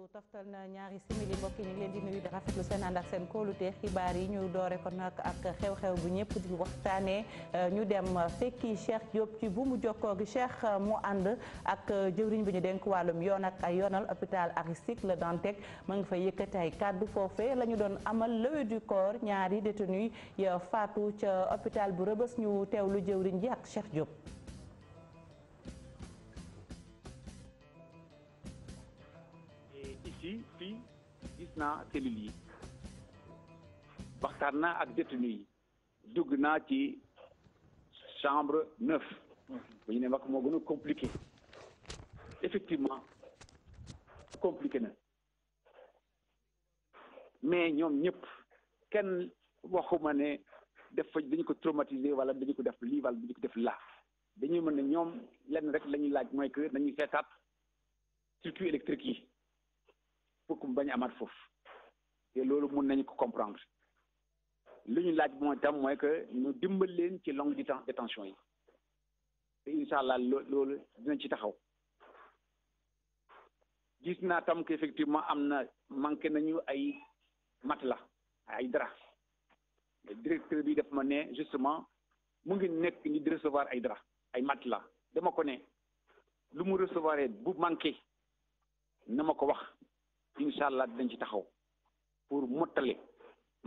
waxtu toftal na ñaari simili mbokk yi ñu ngi leen di nuyu di rafetlu seen ànd ak seen kóolute xibaar yi ñu doore ko nag ak xew-xew bu ñëpp di waxtaanee euh, ñu dem fekki Cheikh Diop ci bu mu jokkoo gi Cheikh euh, mu ànd ak euh, jëwriñ bi ñu denk wàllum yoon ak ay yoonal hôpital Aristide Le Dantec ma ngi fa yëkkati ay kàddu foofe la ñu doon amal levée du corps ñaari détenu ya faatu ca hôpital bu Rebeuss ñu lu jëwriñ ji ak Cheikh Diop. gis naa yi waxtaan naa ak détenu yi dugg naa ci chambre neuf bu ñu ne wax moo gën a compliqué effectivement compliqué na mais ñoom ñëpp kenn waxuma ne dafa dañu ko traumatisé wala dañu ko def lii wala dañu ko def laa dañuy mën ne ñoom lenn rek la laaj mooy que nañuy seetaat circuit électrique yi pour que mu bañ amaat foofu te loolu mun nañu ko comprendre li ñu laaj mooy tam mooy que ñu dimbal leen ci longue détention yi te incha allah loolu dina ci taxaw gis naa tam que effectivement am na manqué nañu ay la ay dara directeur bi daf ma ne justement mu ngi nekk ñu di recevoir ay dara ay la dama ko ne lu mu recevoir bu manqué na ma ko wax. incha allah dinañ ci taxaw pour mottale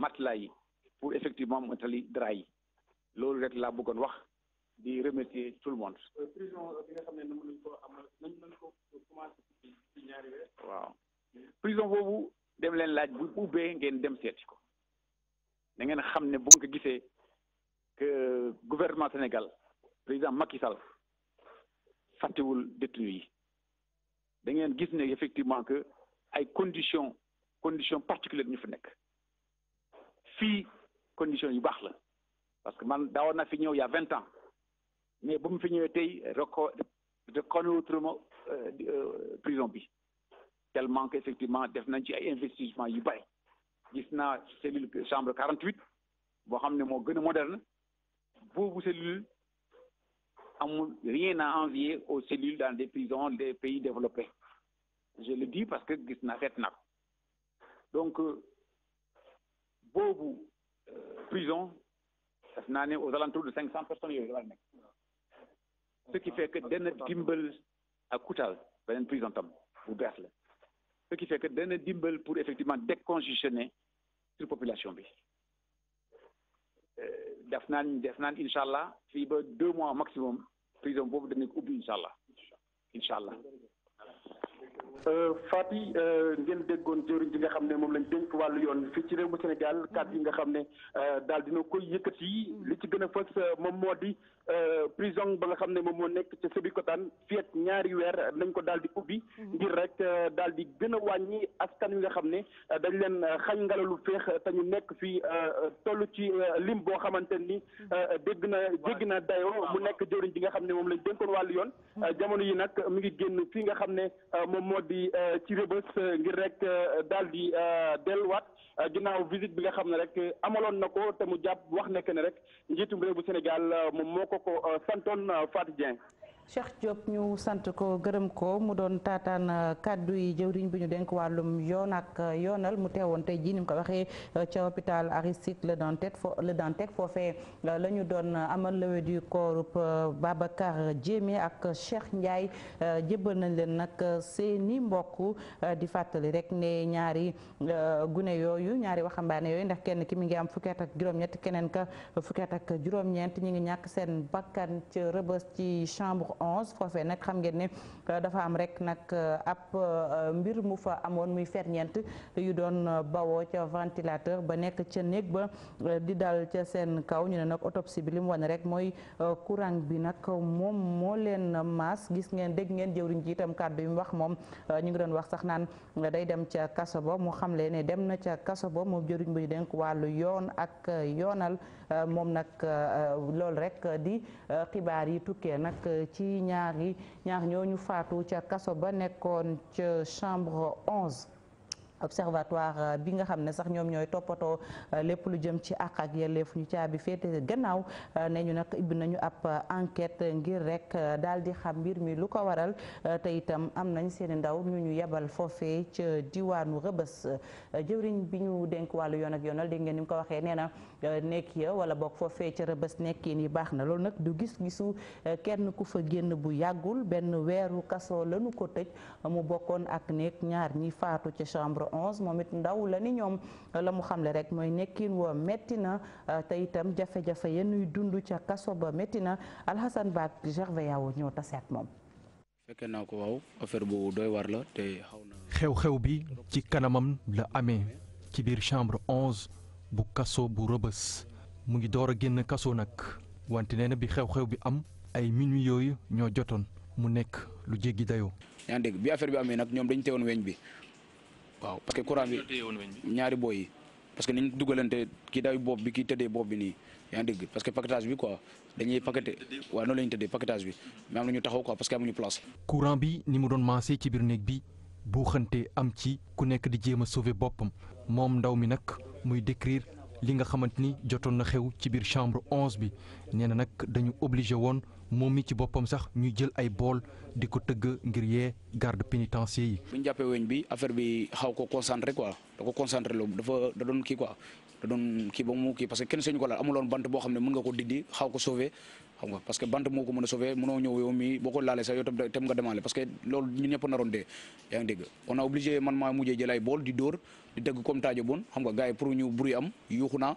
matelas yi pour effectivement mottali draps yi loolu rek laa bëggoon wax di remercier tout le monde. Euh, prison euh, bi nga xam ne nañ ko am nañ waaw prison boobu dem leen laaj bu ubbee ngeen dem seeti ko dangeen xam ne bu ko gisee que gouvernement Sénégal président Macky Sall fàttewul détenu yi da ngeen gis ne effectivement que. ay conditions conditions particulières ñu fi nekk fii conditions yu baax la parce que man daawoon naa fi ñëw il y a vingt ans mais bu mu fi ñëwee tey reco reconnaître ma euh, euh, prison bi tellement que effectivement def nañ ci ay investissement yu bari gis naa cellule chambre 48 boo xam ne moo gën a moderne boobu cellule amul rien à envier au cellules dans des prisons des pays développés je le dis parce que gis na seet na ko donc euh, boobu euh, prison def naa ne aux alentours de cinq cent personnes yooyu dafa nekk ce qui fait que ah, dana dimbal ak Koutal beneen prison tam bu bees la ce qui fait que dana dimbal pour effectivement décongestionner sur population bi euh, def naan def naan incha allah fii ba de mois maximum prison boobu dana ubbi incha allah incha allah Euh, Fati euh, ngeen déggoon jëriñ ji nga xam ne moom lañ dénk wàllu yoon fii ci réew senegal Sénégal mm-hmm. kàddu yi nga xam ne euh, daal dina koy yi mm-hmm. li ci gën a fës moom moo di Euh, prison ba nga xam ne moom moo nekk ca Sébikotane fii ñaari weer nañ ko daal di ubbi mhm. ngir rek euh, daal di gën a wàññi askan wi nga xam ne euh, dañ leen xañ ngalalu féex te ñu nekk fii toll ci lim boo xamante ni mhm. dégg na dégg na dayo mu nekk jëriñ bi nga xam ne moom lañ dénkoon wàll yoon mhm. jamono yi nag mi ngi génn fii nga xam ne moom moo di ci rëbës ngir rek daal di delluwaat Euh, ginnaaw visite bi nga xam ne rek euh, amaloon na ko te mu jàpp wax nekk ne rek njiitum réew bu Sénégal euh, moom moo ko ko santoon Fatou Dieng Cheikh Diop ñu sant ko gërëm ko mu doon taataan euh, kàddu yi jëwriñ bi ñu denk wàllum yoon ak euh, yoonal mu teewoon tey jii ni mu ko waxee euh, ca hôpital Aristide Le Dantec fo Le Dantec foofee la ñu doon amal levée du corps Babacar Diémé ak Cheikh Ndiaye jébbal nañ leen nag seeni mbokk di fàttali rek ne ñaari gune yooyu ñaari waxambaane yooyu ndax kenn ki mi ngi am fukki at ak juróom-ñett keneen ka fukki at ak juróom-ñeent ñi ngi ñàkk seen bakkan ca Rebeuss ci chambre 11 foofee nag xam ngeen ne euh, dafa am rek nag euh, ab euh, mbir mu fa amoon muy ferñeent yu doon bawoo ca ventilateur ba nekk ca néeg ba di dal ca seen kaw ñu ne nag autopsie bi li mu wane rek mooy courant bi nag moom moo leen maas gis ngeen dégg ngeen jëwriñ ji itam kàddu yi mu wax moom ñu ngi doon wax sax naan day dem ca kaso ba mu xamle ne dem na ca kaso ba moom jëwriñ bu ñu dénk wàllu yoon ak yoonal Euh, moom nag euh, loolu rek euh, di xibaar yi tukkee nag ci ñaari ñaar ñooñu faatu ca kaso ba nekkoon ca chambre 11. observatoire bi nga xam ne sax ñoom ñooy toppatoo lépp lu jëm ci àq ak yelleef ñu caabi féete gannaaw ne ñu nag ibbi nañu ab enquête ngir rek daal di xam mbir mi lu ko waral te itam am nañ seeni ndaw ñu ñu yebal foofee ca diwaanu rëbës jëwriñ bi ñu denk wàllu yoon ak yoonal dégg ngeen ni mu ko waxee nee na Euh, nekk ya wala boog foofee ca rëbës nekkin yi baax na lool nag du gis-gisu euh, kenn ku fa génn bu yàggul benn weeru kaso lanu ko tëj mu bokkoon ak nekk ñaar ñi faatu ca chambre 11 moom it ndaw la ñoom la mu xamle rek mooy nekkin woo metti na euh, te itam jafe-jafe yenuy dund ca kaso ba metti na Alhassane Ba ak Gervais Yao ñoo tase moom. fekkee naa ko xew-xew bi ci kanamam la amee ci biir chambre 11. bu kaso bu rëbës mu ngi door a génn kaso nag wante nee na bi xew-xew bi am ay minuit yooyu ñoo jotoon mu nekk lu jéggi dayoo. yaa dégg bi affaire bi amee nag ñoom dañu teewoon weñ bi waaw parce que courant bi ñaari booy yi parce que niñ dugalante kii day bopp bi kii tëddee bopp bi nii yaa dégg parce que paquetage bi quoi dañuy paqueté waaw noonu la ñu tëddee paquetage bi mais am na ñu taxaw quoi parce que amuñu place. courant bi ni mu doon maasee ci biir néeg bi. buuxante am ci ku nekk di jéem a sauver boppam moom ndaw mi nag muy décrire li nga xamante ni jotoon na xew ci biir chambre onze bi nee na nag dañu obligé woon moom mi ci boppam sax ñu jël ay bool di ko tëgg ngir yee garde pénitencier yi. bu ñu jàppee weñ bi affaire bi xaw ko concentré quoi ko concentré loolu dafa da doon kii quoi da doon kii ba mu kii parce que kenn sañu ko laal amuloon bant boo xam ne mën nga koo diddi xaw ko sauver xam nga parce que bant moo ko mën a sauver mënoo ñëw yow mi boo ko laalee sax yow tam tam nga demaale parce que loolu ñun ñëpp naroon yaa ngi dégg on a obligé man maa mujjee jël bool di dóor di dégg comme taajo bon xam nga gars yi pour ñu bruit am yuuxu naa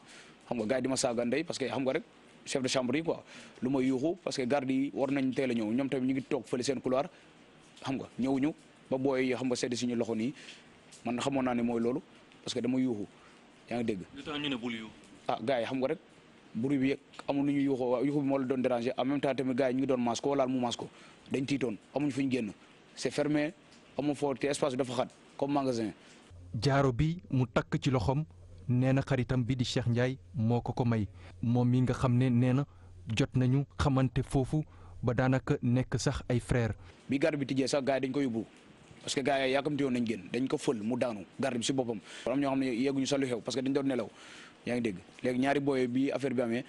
xam nga gars yi di ma saaga ndey parce que xam nga rek chef de chambre yi quoi lu may yuuxu parce que garde yi war nañ teel a ñëw ñoom tamit ñu ngi toog fële seen couloir xam nga ñëwuñu ba booy xam loxo nii man xamoon naa ne mooy loolu parce que dama yuuxu yaa ngi dégg ah gars yi xam nga rek bruit bi amul lu ñuy yuuxoo waaw yuuxu bi moo la doon déranger en même temps tamit gars yi ñu ngi doon maas ko laal mu dañ tiitoon amuñ fu ñu génn c'est fermé amul foo te espace bi dafa magasin. jaaro bi mu takk ci loxoom nee na xaritam bi di Cheikh Ndiaye moo ko ko may moom mi nga xam ne nee na jot nañu xamante foofu ba daanaka nekk sax ay frère bi garde bi tijjee sax gars yi dañ ko yóbbu parce que gars yi yaakamti woon nañ génn dañ ko fël mu daanu garde bi si boppam. am ñoo xam ne yegguñu sa lu xew parce que dañ doon nelaw. yaa ngi dégg léegi ñaari booyee bi affaire bi amee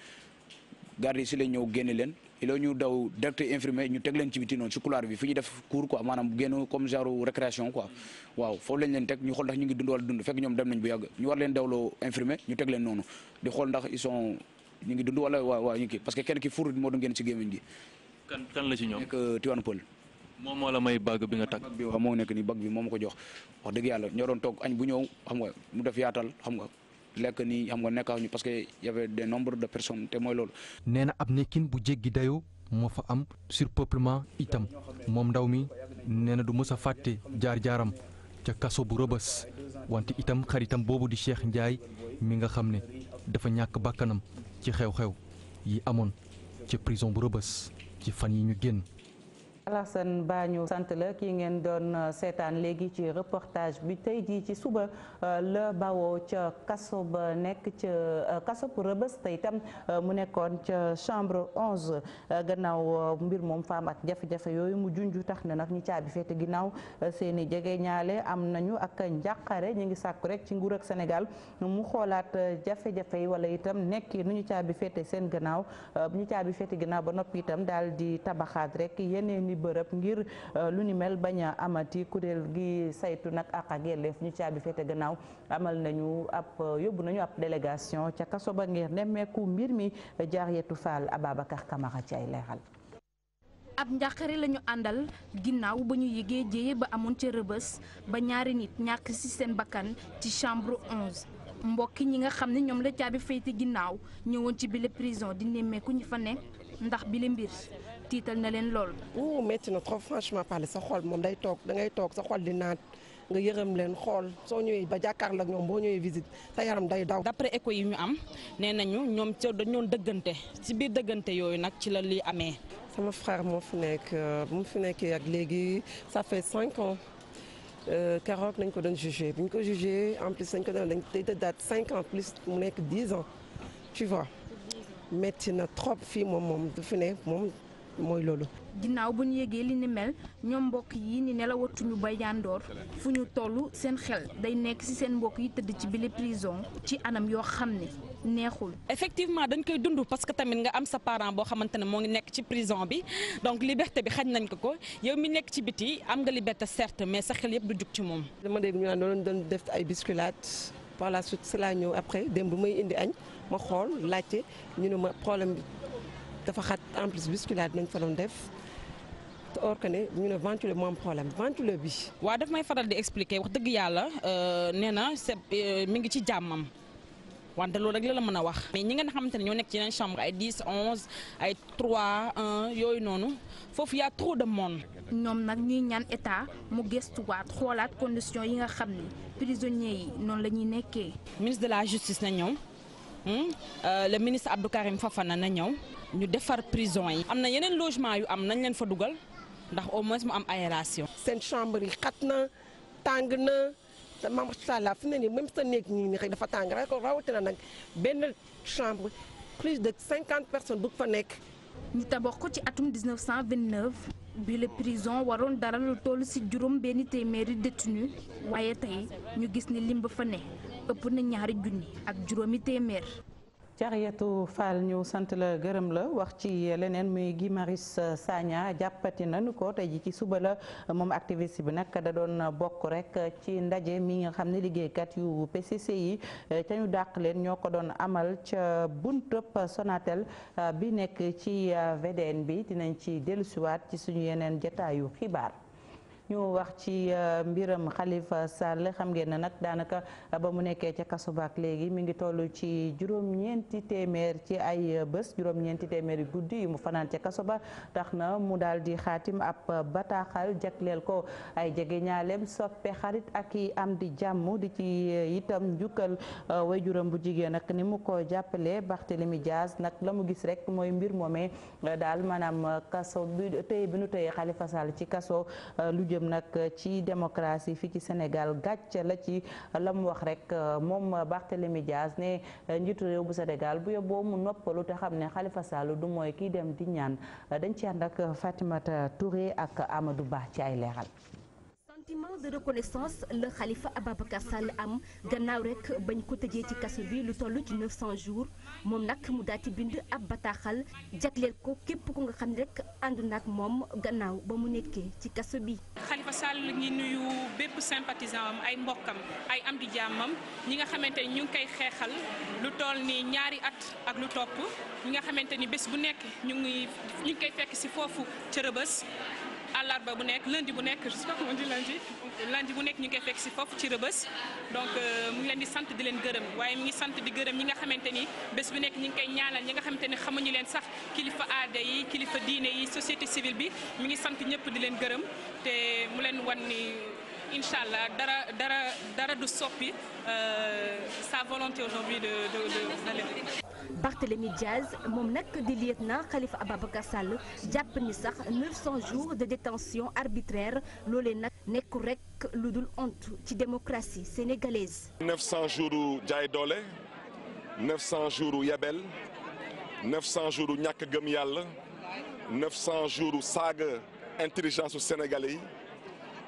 garde si lañ ñëw génne leen iloo ñu daw directeur infirmier ñu teg leen ci biti noonu si bi fi ñu def cours quoi maanaam génn comme genre récréation quoi waaw foofu lañ leen teg ñu xool ndax dem nañ bu yàgg ñu war leen dawloo infirmier ñu teg noonu di xool ndax ils sont ñu ngi dund wala waa waaw ñu kii parce que kenn ki fur moo doon génn si gémmiñ gi kan la ci ñoom nekk euh, Tiwaan Pël moom moo la may bag bi nga tag bi waaw moo nekk ni bag bi moo ko jox wax dëgg yàlla ñoroon doon toog añ bu ñëw xam nga mu def xam nga lekk nii xam nga nekkaaw ñu parce que y des nombre de personnes te mooy loolu. nee na ab nekkin bu jéggi dayoo moo fa am surpeuplement itam moom ndaw mi nee na du mës a fàtte jaar-jaaram ca kaso bu rëbës wante itam xaritam boobu di Cheikh njaay mi nga xam ne dafa ñàkk bakkanam ci xew-xew yi amoon ca prison bu rëbës ci fan yi ñu génn. Alassane Ba ñu sant la kii ngeen doon euh, seetaan léegi ci reportage bi tey jii ci suba euh, la bawoo ca kaso ba nekk ca euh, kaso bu Rëbës te itam mu nekkoon ca chambre 11 gannaaw mbir moom faam ak jafe-jafe yooyu mu junju tax na nag ñu caabi feete ginnaaw seen i jege ñaale am nañu ak njàqare ñu ngi sàkku rek ci nguur Sénégal mu xoolaat jafe yi wala itam nekk nu ñu caabi feete seen gannaaw bu ba noppi itam daal di tabaxaat rek yeneen bërëb ngir euh, lu ni mel bañ amati kuréel gi saytu nag àq ak yelleef ñu caabi féete gannaaw amal nañu ab euh, yóbbu nañu ab délégation ca kaso ba ngir nemmeeku mbir mi jaar yetu Fall Ababacar Camara ci ay leeral ab njàqare la àndal ginnaaw ba ñu yëgee jéye ba amoon ca rëbës ba ñaari nit ñàkk ci seen bakkan ci chambre 11 mbokki ñi nga xam ne ñoom la caabi féyti ginnaaw ñëwoon ci bile prison di nemmeeku ñi fa ne ndax bile mbir tiital na leen lool. metti métti na trop franchement parler sa xol moom day toog dangay toog sa xol di naat nga yërëm leen xool soo ñëwee ba jàkkaarloo ak ñoom boo ñëwee visite sa yaram day daw. d'après écho yi ñu am nee nañu ñoom ca dañoon dëggante si biir dëggante yooyu nag ci la lii amee. sama frère moo fi nekk bu euh, mu fi nekkee ak léegi sa fait cinq ans. Euh, keroog nañ ko doon jugé bu ñu ko jugé en plus dañ ko doon dañ tey date cinq ans plus mu nekk dix ans tu vois métti na trop fii moom moom du fi ne moom mooy loolu. ginnaaw bu ñu yëgee li ni mel ñoom mbokk yi ni nelawatuñu ba yandoor fu ñu toll seen xel day nekk ci seen mbokk yi tëdd ci bile prison ci anam yoo xam ne neexul. effectivement dañ koy dund parce que tamit nga am sa parent boo xamante ne moo ngi nekk ci prison bi donc liberté bi xañ nañ ko ko yow mi nekk ci biti am nga liberté certes mais sa xel yëpp du jug ci moom. dama dégg ñu naan doon doon def ay bousculade par la suite si laa ñëw après dem bu may indi añ ma xool laajte ñu ne ma problème bi. dafa xat en plus bousculade nañ fa doon def te or que ne ñu ne ventilo moom problème ventilo bi. waaw daf may faral di expliquer wax dëgg yàlla euh, nee na euh, mi ngi ci jàmmam. wante loolu rek la mën a wax. mais ñi ngeen xamante ne ñoo nekk ci yeneen chambre ay 10 11 ay 3 1 yooyu noonu foofu y' trop de monde. ñoom nag ñuy ñaan état mu gëstuwaat xoolaat conditions yi nga xam ne prisonniers yi noonu la ñuy nekkee. ministre de la justice na ñëw hmm? euh, le ministre Abdou Karim Fafana na ñëw. ñu defar prison yi. am na yeneen logement yu am nañ leen fa dugal ndax au moins mu am aération. seen chambre yi xat na tàng na te macha allah ne nii même sa néeg nii rek dafa tàng rek rawatina nag benn chambre plus de cinquante personnes bu fa nekk. ñu tabax ko ci atum 1929 bi la prison waroon dara lu toll ci juróom benn téeméeri détenu waaye tey ñu gis ni lim ba fa ne ëpp na ñaari junni ak juróom juróomi téeméer. Jariyatu Fall ñu sant la gërëm la wax ci leneen muy Guy Marius Sagna jàppati nañu ko tey ji ci suba la moom activiste bi nag da doon bokk rek ci ndaje mi nga xam ne liggéeykat yu PCC yi ca ñu dàq leen ñoo ko doon amal ca buntub Sonatel bi nekk ci VDN bi dinañ ci dellusiwaat ci suñu yeneen jataayu xibaar. ñu wax ci euh, mbiram xalifa Sall xam ngeen ne nag daanaka ba mu nekkee ca kaso baak léegi mi ngi toll ci juróom-ñeenti téeméer ci ay bés juróom-ñeenti téeméeri guddi yi mu fanaan ca kaso ba tax na mu daal di xaatim ab bataaxal jagleel ko ay jege ñaaleem soppe xarit ak i am di jàmm di ci euh, itam jukkal euh, way juróom bu jigéen nag ni mu ko jàppale Barthélémy Dias nag la mu gis rek mooy mbir moomee daal maanaam kaso bi tey bi nu tey Khalifa Sall ci kaso nag ci démocratie fii ci Sénégal gàcce la ci la mu wax rek moom Barthélémy Dias ne njiitu réew bu Sénégal bu yóbboo mu noppalu te xam ne Khalifa Sall du mooy kii dem di ñaan dañ ci ànd ak Fatimata Touré ak Amadou baax ci ay leeral de reconnaissance la Khalifa Ababacar Sall am gannaaw rek bañ ko tëjee ci kaso bi lu toll ci 900 jours moom nag mu dal ci bind ab bataaxal jagleel ko képp ku nga xam ne rek ànd na moom gannaaw ba mu nekkee ci kaso bi. Khalifa Sall ngi nuyu bépp sympathisant am ay mbokkam ay am di jàmmam ñi nga xamante ni ñu ngi koy xeexal lu toll ni ñaari at ak lu topp ñi nga xamante ni bés bu nekk ñu ngi ñu fekk si foofu ca Rebeuss àllarba bu nekk lundi bu nekk je sais pas comment dire lundi bu nekk ñu ngi koy fekk si foofu ci rëbës donc euh, mu ngi leen di sant di leen gërëm waaye mi ngi sant di gërëm ñi nga xamante ni bés bu nekk ñi ngi koy ñaanal ñi nga xamante ni xamuñu leen sax kilifa aada yi kilifa diine yi société civile bi mu ngi sant ñëpp di leen gërëm te mu leen wan ni incha allah dara dara dara du soppi euh, sa volonté aujourd'hui de de de Barthélemy Diaz moom nag di lieutenant Khalifa Ababacar Sall jàpp ni sax 900 jours de détention arbitraire loolee nag nekku rek lu dul honte ci démocratie sénégalaise. 900 jours jaay doole 900 jours yabel 900 jours ñàkk gëm yàlla 900 jours saaga intelligence su sénégalais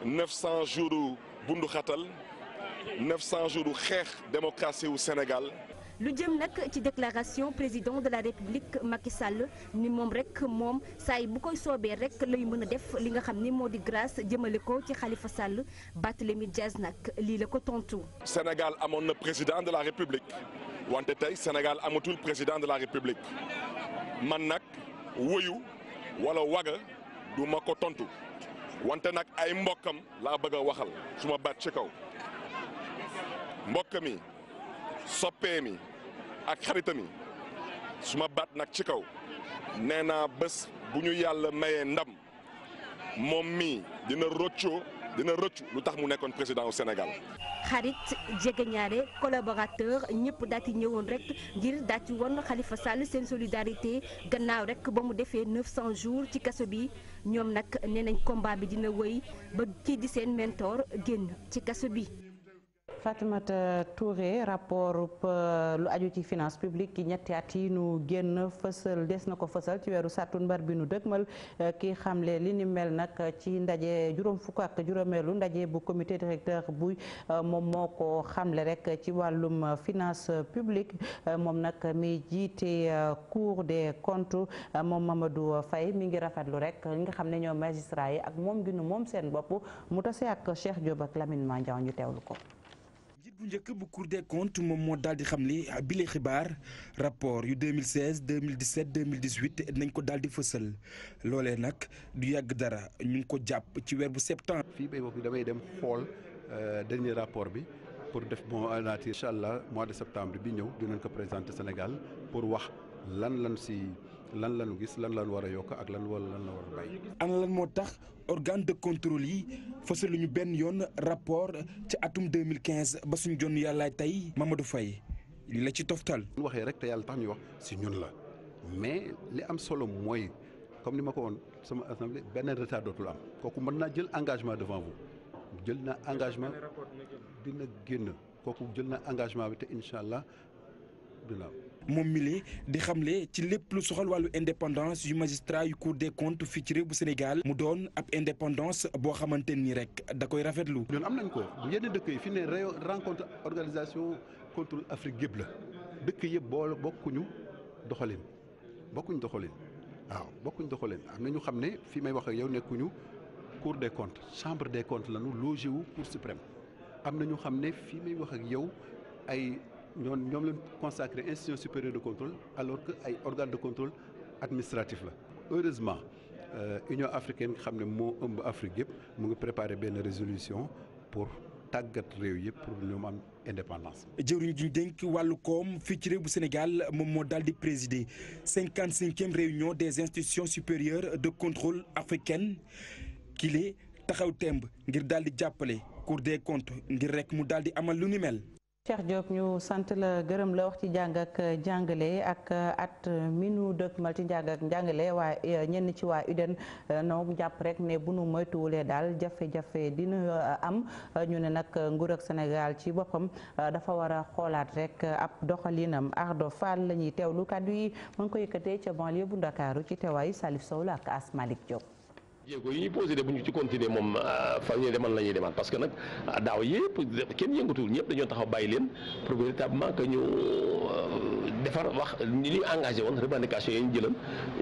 yi jours bundu xatal 900 jours xeex démocratie wu Sénégal. lu jëm nag ci déclaration président de la république Macky sàll ni moom rek moom saay bu koy soobee rek lay mën a def li nga xam ni moo di grâce jëmale ko ci xalifa sàll Barthélémy Dias nag lii la ko tontu. Sénégal amoon na président de la république wante tey Sénégal amatul président de la république man nag wuyu wala waga du ko tontu. wante nag ay mbokkam laa bëgg a waxal su ma baat ci kaw mbokk mi soppee mi ak xaritam yi su ma baat nag ci kaw nee naa bés bu ñu yàlla mayee ndam moom mii dina rëccoo dina rëccu lu tax mu nekkoon président au Sénégal. xarit jegeñaale collaborateur ñëpp daal di ñëwoon rek ngir daal di won Khalifa seen solidarité gannaaw rek ba mu defee 900 jours ci kaso bi ñoom nag nee nañ combat bi dina woy ba kii di seen mentor génn ci kaso bi. Fatimata Touré rapport euh, lu aju ci finance publique ki ñetti at yi nu génn fësal des na ko fësal ci weeru sàttumbar bi nu dëgmal euh, ki xamle li ni mel nag ci ndaje juróom fukk ak juróomeelu ndaje bu comité directeur bu euh, moom moo ko xamle rek ci wàllum finance publique moom nag mi jiite cour des comptes moom Mamadou Faye mi ngi rafetlu rek ñi nga xam ne ñoo magistrat yi ak moom gi nu moom seen bopp mu tase ak Cheikh Diop ak Lamine ñu teewlu ko bu njëkk bu Cour de comptes moom moo daal di xam li bile xibaar rapport yu 2016 2017 2018 nañ ko daal di fësal loolee nag du yàgg dara ñu ngi ko jàpp ci weer bu septembre. fii bay boobu damay dem xool euh, dernier rapport bi pour def bon nature incha allah mois de septembre bi ñëw dinañ ko présenter Sénégal pour wax lan lan si. lan lañu gis lan lañu war a yokk ak lan wala lan la war a bàyyi. ana lan moo tax organe de contrôle yi ñu benn yoon rapport ci atum 2015 ba suñu jonn yàlla tey Mamadou Faye li la ci toftal. bu waxee rek te yàlla tax ñu wax si ñun la mais li am solo mooy comme ni ma ko woon sama assemblée beneen retard dootul am kooku mën naa jël engagement devant vous jël na engagement dina génn kooku jël na engagement bi te incha allah billah moom mili di xam xamle ci lépp lu soxal wàllu indépendance yu magistrat yu cour des comptes fii ci réew bu Sénégal mu doon ab indépendance boo xamante ni rek da koy rafetlu. ñoon am nañ ko yenn dëkk yi fi ne rencontre organisation contre Afrique yëpp la dëkk yëpp boole bokkuñu doxalin bokkuñu doxalin waaw bokkuñu doxalin am na ñu xam ne fi may wax ak yow nekkuñu cour des comptes chambre des comptes lañu logé wu cour suprême am na ñu xam ne fi may wax ak yow ay. ñoom ñoom lañ consacré institution supérieure de contrôle alors que ay organe de contrôle administratif la heureusement euh, Union africaine nga xam ne moo ëmb Afrique yëpp mu ngi préparé benn résolution pour tàggat réew yëpp pour ñoom am indépendance. jëwriñ ji dénk wàllu koom fii ci réew bu Sénégal moom moo daal di présider cinquante cinquième réunion des institutions supérieures de contrôle africaines kile taxaw temb ngir daal di jàppale Cour de comptes ngir rek mu daal di amal lu ni Cheikh Diop ñu sant la gërëm la wax ci jàng ak jàngale ak uh, at uh, minu dëkkmal ci njàng ak njàngale waa uh, ñenn ci waa UDEN ñoom jàpp rek ne bu nu moytuwulee daal jafe-jafe dina am ñu ne nag nguur ak Sénégal ci boppam dafa war a xoolaat rek ab doxalinam Ardo Fall la ñuy teewlu kàddu yi mu ngi ko yëkkatee ca banlieue bu Ndakaaru ci teewaayu Salif Sow la ak Asmalik Diop. jéego yi ñu posé de bu ñu ci continuer moom euh, fa ñu demal la ñuy parce que nag daaw yëpp kenn yëngatuwul ñëpp dañoo taxaw bàyyi leen pour véritablement que ñu euh, defar wax ni ñu engagé woon revendication yi ñu jëloon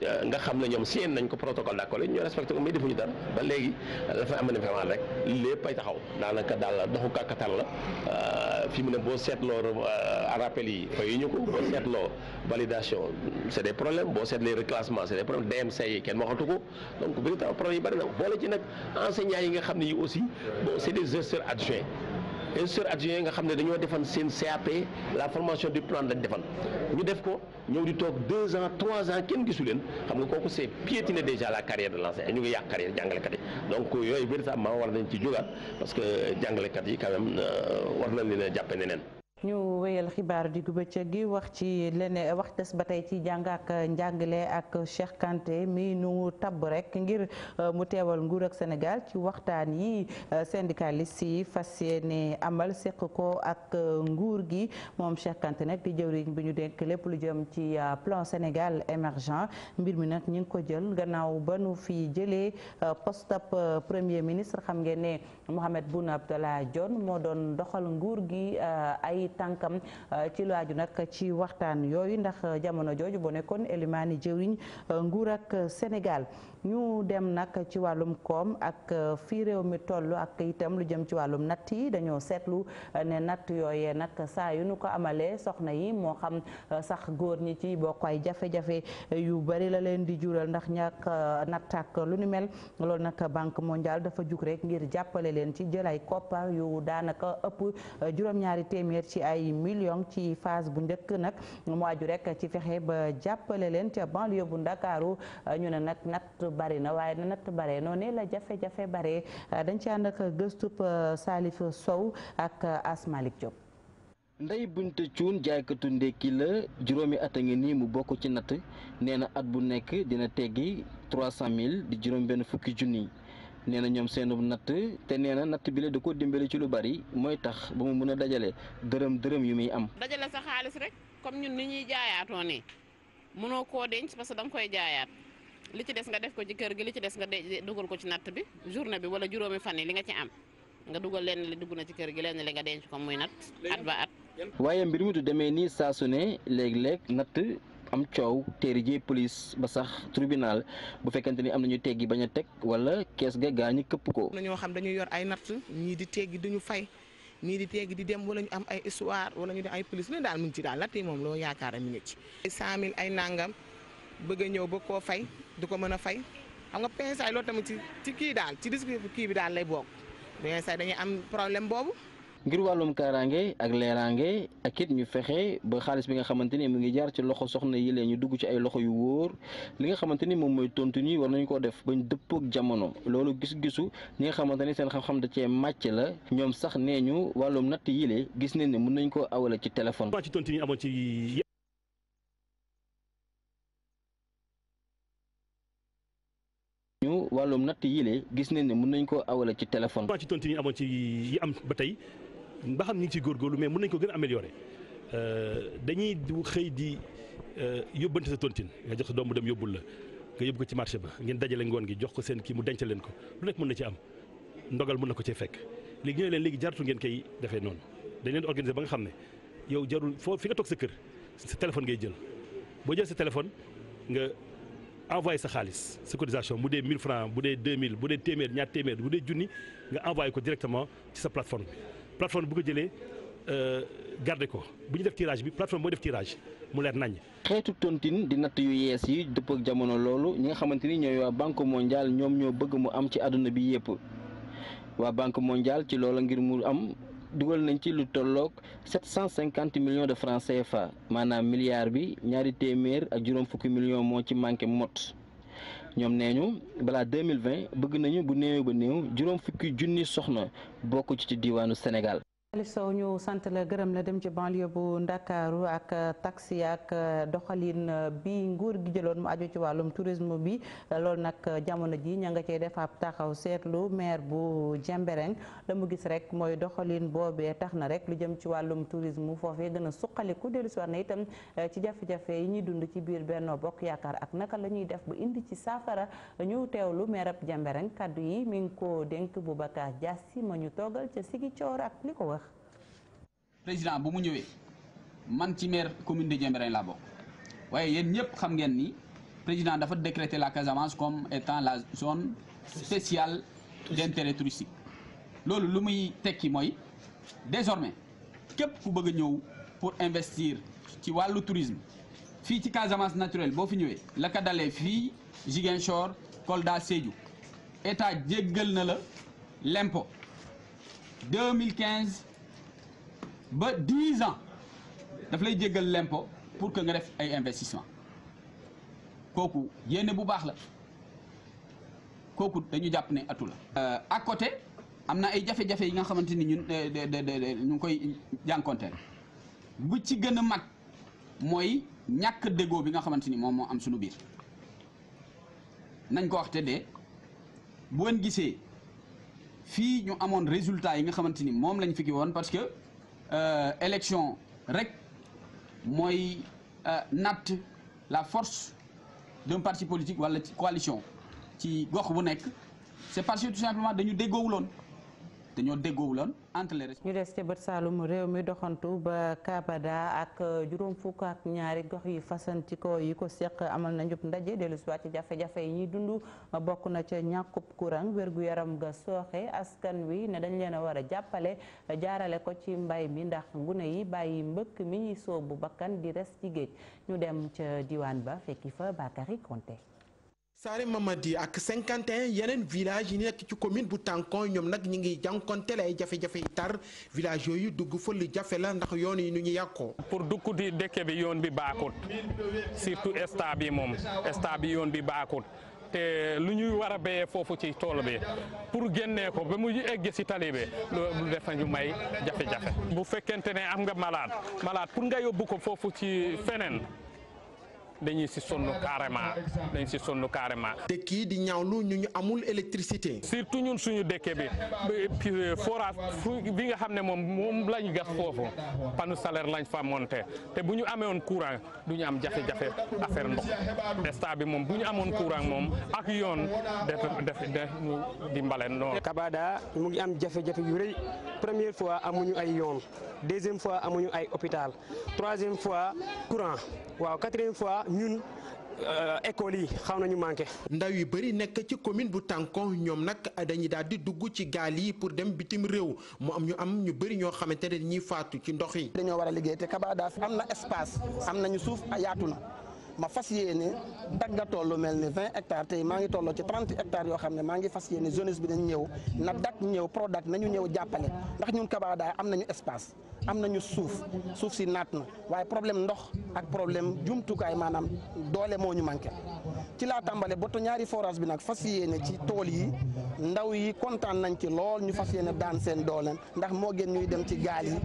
euh, nga xam ne ñoom seen nañ ko protocole d'accord ñu respecté ko mais defuñu dara ba léegi euh, dafa am al vraiment rek lépp ay taxaw daanaka daal doxu kàkkatar la euh, fi mu ne boo seetloo rappel yi fay ñu ko boo seetloo validation c'est des problèmes boo seetlee reclassement c'est des problèmes DMC yi kenn waxatu ko donc véritable problème yi bari na boole ci nag enseignants yi nga xam ne yi aussi bon c'est des gesteurs adjoints instructeurs adjoints yi nga xam ne dañoo defan seen CAP la formation du plan lañ defan ñu def ko ñëw di toog deux ans trois ans kenn gisu leen xam nga kooku c'est piétiner déjà la carrière de l'enseignant ñu ngi yàq carrière jàngalekat yi donc yooyu véritablement war nañ ci jógaat parce que jàngalekat yi quand même euh, war nañ leen a jàppe neneen ñu wéyal xibaar diggu bëccëg gi wax ci leneen wax des ba tey ci jàng njàngale ak Cheikh Kanté mi nu tab rek ngir euh, mu teewal nguur ak Sénégal ci waxtaan yi euh, syndicaliste yi fas yéene amal seq ko ak euh, nguur gi moom Cheikh Kanté nag di jëwriñ bi ñu dénk lépp lu jëm ci plan Sénégal émergent mbir mi nag ñu ngi ko jël gannaaw ba nu fi jëlee post ab premier ministre xam ngeen ne Mohamed Boun Abdallah Dionne moo doon doxal nguur gi ay tànkam euh, ci laaju nag ci waxtaan yooyu ndax euh, jamono jooju bu nekkoon Elimani jëwriñ euh, nguur ak Sénégal ñu dem nag ci wàllum koom ak euh, fii réew mi toll ak itam lu jëm ci wàllum natt yi dañoo seetlu euh, ne natt yooyee nag saa yu nu ko amalee soxna yi moo xam euh, sax góor ñi ci bokk ay jafe-jafe yu bari la leen di jural ndax ñàkk natt ak lu ni mel loolu nag banque mondiale dafa jug rekk ngir jàppale leen ci jël ay koppar yu daanaka ëpp juróom-ñaari téeméer ci ay millions ci phase bu njëkk nag mu aju rek ci fexe ba jàppale leen ca banlieue bu Ndakaaru ñu ne nag bari na waaye na natt baree noonu la jafe-jafe baree euh, dañ ci ànd ak gëstub euh, Salif Sow ak euh, Asmalik Diop. Ndey Bunte Cuun jaaykatu ndékki la juróomi at a ngi nii mu bokk ci natt nee na at bu nekk dina teggi trois cent mille di juróom benn fukki junni nee na ñoom seenu natt te nee na natt bi la da ko dimbali ci lu bari mooy tax ba mu mën a dajale dërëm dërëm yu muy am. dajale sa xaalis rek comme ñun ni ñuy jaayaatoo nii koo denc parce danga koy jaayaat. li ci des nga def ko ci kër gi li ci des nga de dugal ko ci natt bi journée bi wala juróomi fan yi li nga ci am nga dugal lenn li dugg na ci kër gi leen li nga denc ko muy natt ba at. waaye mbir mi du demee nii saa su ne léeg natt am coow teeri ji police ba sax tribunal bu fekkente ni am na nañu teggi bañ a teg wala kees ga ñi këpp ko. na ñoo xam dañuy yor ay natt ñii di di ñu fay. ñii di teggi di dem wala ñu am ay histoire wala ñu def ay police lu daal muñ ci daal natt yi moom loo yaakaar mi ngi ci. ay ay nangam. bëgg a ñëw ba koo fay du ko mën a fay xam nga pensaay loolu tamit ci kii daal ci risque kii bi daal lay bokk pensaay dañuy am problème boobu. ngir wàllum kaaraange ak leeraange ak it ñu fexe ba xaalis bi nga xamante ni mu ngi jaar ci loxo soxna yi leen ñu dugg ci ay loxo yu wóor li nga xamante ni moom mooy tontu nii war nañu koo def bañ dëppook jamono loolu gis-gisu ñi nga xamante ni seen xam-xam da cee màcc la ñoom sax nee ñu wàllum natt yi gis nañ ne mën nañ koo awale ci téléphone. ci tontu yi ñu wàllum natt yile gis nañ ne mun nañ koo awale ci téléphone. ci tontu yi amoon ci yi am ba tey ba xam ñu ngi ciy góorgóorlu mais mën nañ ko gën a améliorer euh, dañuy xëy di euh, yóbbante sa tontin nga jox sa doom bu dem yóbbul la nga yóbbu ko ci marché ba ngeen dajale ngoon gi jox ko seen kii mu denc leen ko lu nekk mën na ci am ndogal mun na ko cee fekk léegi ñooy leen léegi jaratu ngeen koy defee noonu dañ leen organiser ba nga xam ne yow jarul foo fi nga toog sa kër sa téléphone ngay jël boo jël sa téléphone envoyé sa xaalis sécurisation bu dee 1000 francs bu dee 2000 bu dee téeméer ñaar téeméer bu dee junni nga envoyé ko directement ci sa plateforme bi plateforme bu ko jëlee euh, garde ko bu ñu def tirage bi plateforme boo def tirage mu leer naññ. xeetu tontine di natt yu yees yi dëpp ak jamono loolu ñi nga xamante ni ñooy waa banque mondiale ñoom ñoo bëgg mu am ci àdduna bi yépp waa banque mondiale ci loola ngir mu am. dugal nañ ci lu tolloog 750 millions de francs CFA maanaam milliard bi ñaari téeméer ak juróom fukki millions moo ci manqué mott ñoom nee ñu balaa 2020 bëgg nañu bu néew ba néew juróom fukki junni soxna bokk ci ci diiwaanu Sénégal Salif ñu sant la gërëm la dem ci banlieue bu Ndakaaru ak taxi ak doxalin bi nguur gi jëloon mu aju ci wàllum tourisme bi loolu nag jamono ji ña nga cey def ab taxaw seetlu maire bu Jembereng la mu gis rek mooy doxalin boobee tax na rek lu jëm ci wàllum tourisme foofee gën a suqaliku dellu si war na itam eh, ci jafe-jafe yi ñuy dund ci biir Benno Bokk Yaakaar ak naka la ñuy def bu indi ci saafara ñu teewlu maire ab Jembereng kaddu yi mi ngi ko dénk bu Diassi ma ñu toogal ca Ziguinchor ko président bu mu ñëwee man ci maire commune de Diembéring laa bokk waaye yéen ñëpp xam ngeen ni président dafa décréter la Casamance comme étant la zone spéciale d'intérêt touristique loolu lu muy tekki mooy désormais képp ku bëgg a ñëw pour investir ci wàllu tourisme fii ci Casamance naturel boo fi ñëwee la ka dalee fii Ziguinchor Kolda Sédhiou état jéggal na la lempo ba 10 ans daf lay jéggal l'impôt pour que nga def ay investissement kooku yéene bu baax la kooku dañu jàpp ne atu la. Euh, à côté am na ay jafe-jafe yi nga xamante ni ñun euh, ñu ngi koy jànkonteel bu ci gën a mag mooy ñàkk déggoo bi nga xamante ni moom moo am suñu biir nañ ko wax te de bu gisee fii ñu amoon résultat yi nga xamante ni moom lañ fikki woon parce que. Euh, élection rek mooy euh, natt la force d'un parti politique wala ci coalition ci gox bu nekk c'est parce que tout simplement dañu déggoowuloon dañoo déggoowuloon entre les ñu des ca bët Saalum réew mi doxantu ba Kaabada ak juróom fukk ak ñaari gox yi fasantikoo yi ko seq amal na njub ndaje dellu si ci jafe-jafe yi ñuy dund bokk na ca ñàkkub kuran wérgu yaram ga sooxe askan wi ne dañ leen a war a jàppale jaarale ko ci mbay mi ndax ngune yi bàyyi mbëkk mi ñuy bu bakkan di res ci géej ñu dem ca diwaan ba fekki fa Bakary Konté Saare Mamadi ak 51 yeneen village yi nekk ci commune bu Tànkon ñoom nag ñi ngi jànkonteel ay jafe-jafe yi tar village yooyu dugg fa lu jafe la ndax yoon yi nu ñu yàqoo pour di dëkk bi yoon bi baaxut surtout état bi moom état bi yoon bi baaxut te lu ñuy war a béyee foofu ci tool bi pour génnee ko ba mu egg si talibe bi loolu def ñu may jafe-jafe bu fekkente ne am nga malade malaat pour nga yóbbu ko foofu ci feneen dañuy si sonn carrément dañ si sonn carrément. dëkk kii di ñaawlu ñu ñu amul électricité. surtout ñun suñu dëkk bi euh, forage bi nga xam ne moom moom lañ gas foofu panneau salaire lañ fa monté te bu ñu amee on courant du ñu am jafe-jafe affaire ndox état bi moom bu ñu amoon courant moom ak yoon def def di mbale noonu. Kabada mu ngi am jafe-jafe yu rëy première fois amuñu ay yoon deuxième fois amuñu ay hôpital troisième fois courant waaw quatrième fois. ñun euh, école yi xaw nañu manqué. ndaw yu bëri nekk ci commune bu Tànkong ñoom nag dañuy daal di dugg ci gaal yi pour dem bitim réew mu am ñu am ñu bëri ñoo xamante ne ñi faatu ci ndox yi. dañoo war a liggéey te Kabadaaf am na espace am nañu suuf yaatu na ma fas yéene daggatoo lu mel ni vingt hectares tey maa ngi tolloo ci trente hectare yoo xam ne maa ngi fas yéene jeunesse bi nañ ñëw na dak ñëw Prodac nañu ñëw jàppale ndax ñun Kabadaaf am nañu espace. am nañu suuf suuf si naat na waaye problème ndox ak problème jumtukaay maanaam doole moo ñu manqué ci laa tàmbale boto ñaari forage bi nag fas yéene ci tool yi ndaw yi kontaan nañ ci lool ñu fas yéene daan seen dooleem ndax moo gën ñuy dem ci gaal yi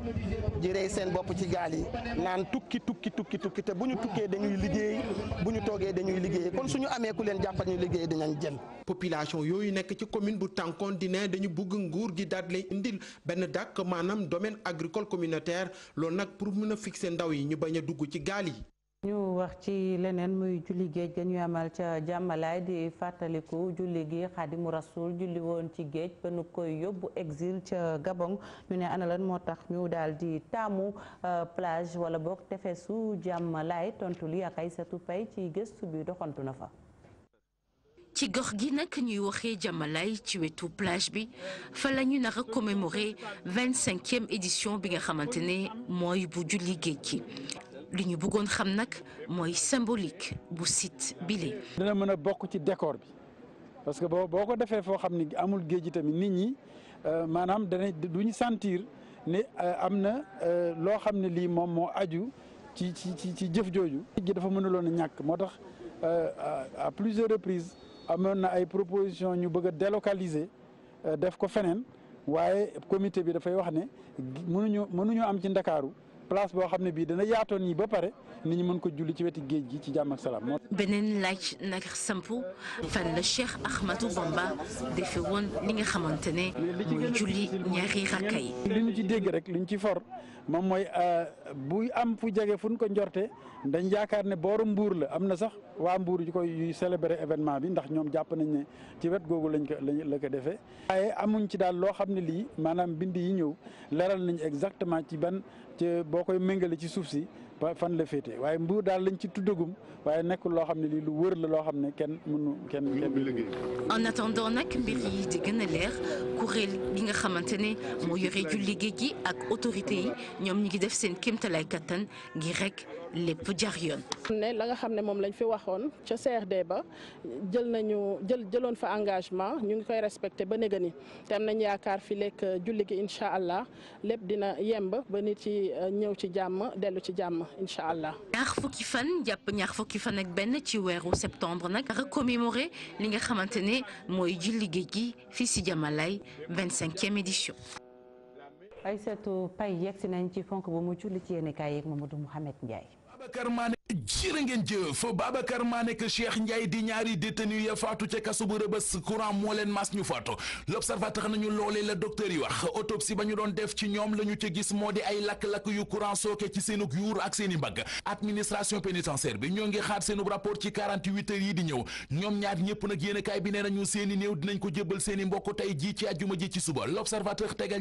di rey seen bopp ci gaal yi naan tukki tukki tukki tukki te bu ñu tukkee dañuy liggéey bu ñu toogee dañuy liggéey kon suñu amee ku leen jàppal ñu liggéey dinañ jël. population yooyu nekk ci commune bu Tànkoondine dañu bugg nguur gi daal indil benn dàkk maanaam domaine agricole communautaire loolu nag pour mën a fixer ndaw yi ñu bañ a dugg ci gaal yi. ñu wax ci leneen muy julli géej ga ñu amal ca jàmmalaay di fàttaliku julli gi xaadimu rasul julli woon ci géej ba nu koy yóbbu exil ca Gabon ñu ne ana moo tax ñu daal di taamu euh, plage wala boog tefesu jàmmalaay tontu li ak ay satu pay ci gëstu bi doxantu na fa ci gox gi nag ñuy waxee jamalay ci wetu plage bi fa la ñu nar a commémorer vingt cinquième édition bi nga xamante ne mooy bu julli géej gi li ñu bëggoon xam nag mooy symbolique bu site bile. dana mën a bokk ci décor bi parce que boo boo ko defee foo xam ni amul géej gi tamit nit ñi euh, maanaam dana du ñu sentir ne euh, am na euh, loo xam ne lii moom moo aju ci ci ci ci jëf jooju. géej dafa mënuloon a ñàkk moo tax à plusieurs reprises. amoon na ay proposition ñu bëgg a délocaliser euh, def ko feneen waaye comité bi dafay wax ne mënuñu mënuñu am ci ndakaaru place boo xam ne bii dana yaatoon ñi ba pare ni ñu mën ko julli ci weti géej gi ci jàmm ak salaam. beneen laaj nag sampu fan la Cheikh Ahmadou Bamba defe woon li nga xamante ne. muy julli ñaari rakka yi. li ñu ci dégg rek li ñu ci for moom mooy euh, buy am fu jege fu ñu ko njorte dañ yaakaar ne booru mbuur la am na sax waa mbuur yu koy yuy événement bi ndax ñoom jàpp nañ ne ci wet googu lañ ko lañ la ko defee. waaye amuñ ci daal loo xam ne lii maanaam mbind yi ñëw leral nañ exactement ci ban boo koy méngale ci suuf si. ba fan la féete waaye mbuur daal lañu ci tuddagum waaye nekkul loo xam ne lii lu wër la loo xam ne kenn mënu kenn kenn. en attendant nag mbir yi di gën a leer kuréel gi nga xamante ne moo yore julli géej gi ak autorité yi ñoom ñi ngi def seen kéemtalaay kattan gi rek. lépp jar yoon. ne la nga xam ne moom lañ fi waxoon ca CRD ba jël nañu jël jëloon fa engagement ñu ngi koy respecté ba néga ni te nañ yaakaar fi lekk euh, julli gi incha allah lépp dina yemb ba nit yi euh, ñëw ci jàmm dellu ci jàmm incha allah. ñaar fukki fan jàpp ñaax fukki fan ak benn ci weeru septembre nag recommémorer li nga xamante ne mooy julli gi fii si Diamalaye 25e édition. Aïssatou Paye yegg si nañ ci fonk bu mu julli ci kaay yeeg Mamadou Mouhamed Ndiaye. Babacar Mané jërë ngeen jëf Babacar Mané ak Cheikh Ndiaye di ñaari détenu ya faatu ca kaso bu Rebeuss courant moo leen mas ñu faatu l'observateur nañu loolee la docteur yi wax autopsie ba ñu doon def ci ñoom la ñu ca gis moo di ay lakk-lakk yu courant sooke ci seenug yuur ak seen i mbagg administration pénitentiaire bi ñoo ngi xaar seenub rapport ci 48 heures yi di ñëw ñoom ñaar ñëpp nag yéenekaay bi nee nañu seen i néew dinañ ko jébbal seen i mbokk tey jii ci àjjuma ji ci suba l'observateur tegal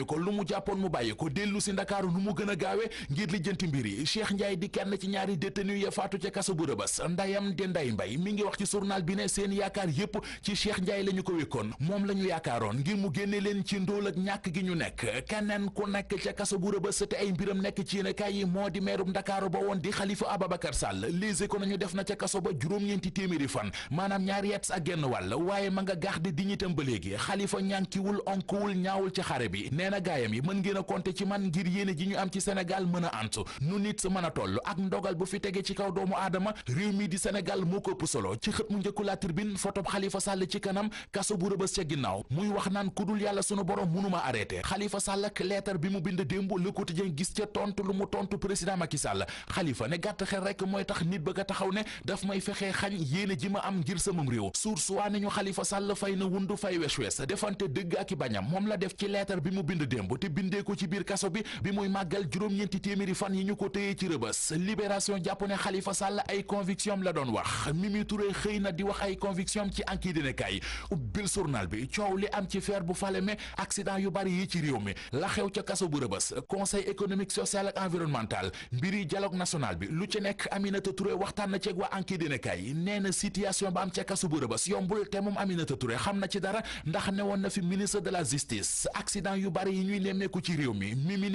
ko mu jàppoon mu bàyyi ko dellu si ndakaaru nu mu gën a gaawe ngir lijjanti mbir yi Cheikh di kenn ci ñaari détenu ya faatu ca kaso bu rëbës ndayam di nday mbay mi ngi wax ci journal bi ne seen yaakaar yépp ci Cheikh Ndiaye la ñu ko wékkoon moom la ñu yaakaaroon ngir mu génne leen ci ndóol ak ñàkk gi ñu nekk keneen ku nekk ca kaso bu rëbës te ay mbiram nekk ci yéenekaay yi moo di meerub ndakaaru ba woon di Khalifa Ababacar Sall Les Échos nañu def na ca kaso ba juróom-ñeenti téeméeri fan maanaam ñaari at ak genn wàll waaye ma nga garde dignitéem ba léegi Khalifa ñànkiwul onkuwul ñaawul ci xare bi nee na gaayam problème yi mën ngeen a compter ci man ngir yéene ji ñu am ci Sénégal mën a antu nu nit mën a toll ak ndogal bu fi tegee ci kaw doomu aadama réew mii di senegal moo ko solo ci xët mu njëkku la foto photo Khalifa Sall ci kanam kaso bu rëbës ca ginnaaw muy wax naan ku dul yàlla sunu borom mënuma arrêté xalifa Sall ak leetar bi mu bind démb Le Quotidien gis ca tont lu mu tontu président Macky Sall Khalifa ne gàtt xel rek mooy tax nit bëgg a taxaw ne daf may fexee xañ yéene ji ma am ngir samam réew source waa ne ñu Khalifa Sall fay na wundu fay wees wees defante dëgg ak i bañam moom la def ci leetar bi mu bind démb te bindee ko ci biir kaso bi bi muy màggal juróom-ñeenti téeméeri fan yi ñu ko téyee ci rëbës libération jàpp ne Khalifa ay conviction la doon wax Mimi Touré xëy na di wax ay conviction am ci enquête dina kay ubbil journal bi coow li am ci feer bu Falémé accident yu bari yi ci réew mi la xew ca kaso bu rëbës conseil économique social ak environnemental mbiri dialogue national bi lu ci nekk Aminata Touré waxtaan na ceeg waa enquête dina nee na situation am ca kaso bu rëbës yombul te moom Aminata Touré na ci dara ndax newoon na fi ministre ñuy nemmeeku ci réew mi mi mi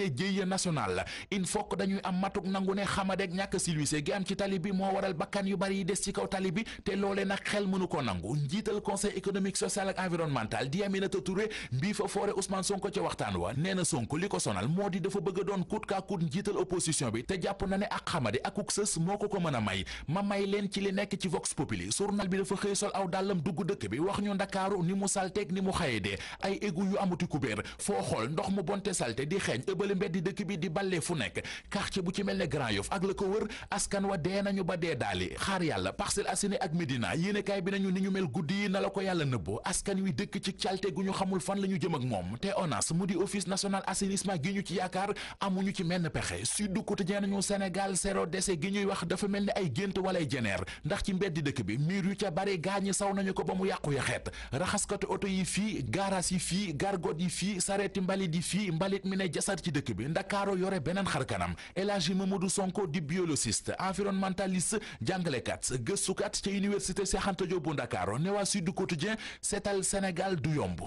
ne Sonko li ko sonal moo di dafa bëgg a doon kut kaa kut njiital opposition bi te jàpp na ne ak xamade akuk sës moo ko ko mën may ma may ci li nekk ci Vox Populi journal bi dafa xëy sol aw dàllam dugg dëkk bi wax ñu ndakaaru ni mu salteeg ni mu xayedee ay égout yu amuti kubéer foo xool ndox mu bonte salte di xeeñ ëbbali mbedd dëkk bi di ballee fu nekk quartier bu ci mel ne Grand Yoff ak la ko wër askan wa dee nañu ba dee daali xaar yàlla Parcelles Assainies ak Médina yéenekaay bi nañu ni ñu mel guddi yi na la ko yàlla nëbbo askan wi dëkk ci calte gu ñu xamul fan la ñu jëm ak moom te ONAS mu di office national assainissement gi ñu ci yaakaar amuñu ci menn pexe Sud Quotidien nañu Sénégal zéro décès gi ñuy wax dafa mel ni ay gént ay jeneer ndax ci mbedd dëkk bi miir yu ca bare gaañi saw nañu ko ba mu yàqu ya xeet raxaskatu oto yi fii gaaraas yi fii gargot yi fii sareeti mbalit fii mbalit mi ne jasat ci dëkk bi ndakaaro yore beneen xar kanam El Hadji Mamadou Sonko di biologiste environnementaliste jàngalekat gëstukat ca université Cheikh Anta Diop bu ndakaaro ne waa Sud Quotidien seetal Sénégal du yomb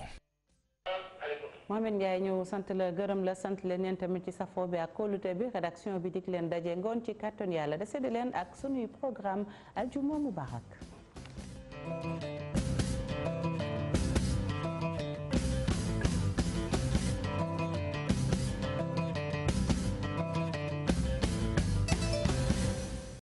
Mohamed Ndiaye ñu sant la gërëm la sant leen yéen ci safoo bi ak kóolute bi rédaction bi dig leen daje ngoon ci kàttan yàlla desedi leen ak sunuy programme aljuma mubarak